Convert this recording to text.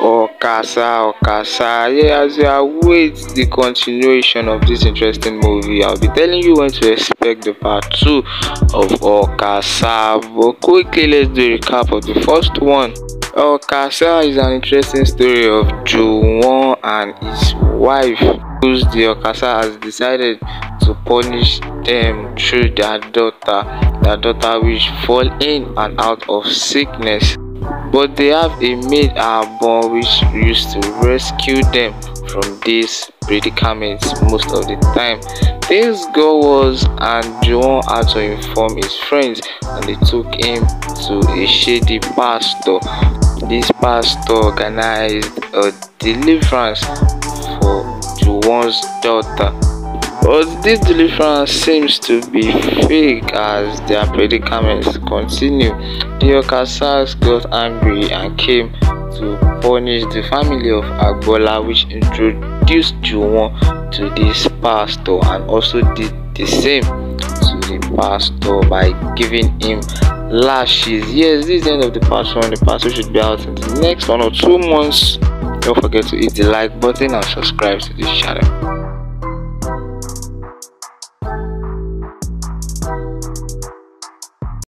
Okasa Okasa. Yeah, as you await the continuation of this interesting movie, I'll be telling you when to expect the part two of Okasa. But quickly, let's do a recap of the first one. Okasa is an interesting story of Juwon and his wife, whose the Okasa has decided to punish them through their daughter, their daughter which fall in and out of sickness. But they have a maid at which used to rescue them from these predicaments most of the time. This girl was and John had to inform his friends and they took him to a shady pastor. This pastor organized a deliverance for Juwan's daughter But this deliverance seems to be fake as their predicaments continue. The Okasas got angry and came to punish the family of Agbola, which introduced Juwon to this pastor and also did the same to the pastor by giving him lashes. Yes, this is the end of the pastor, and The pastor should be out in the next one or two months. Don't forget to hit the like button and subscribe to this channel.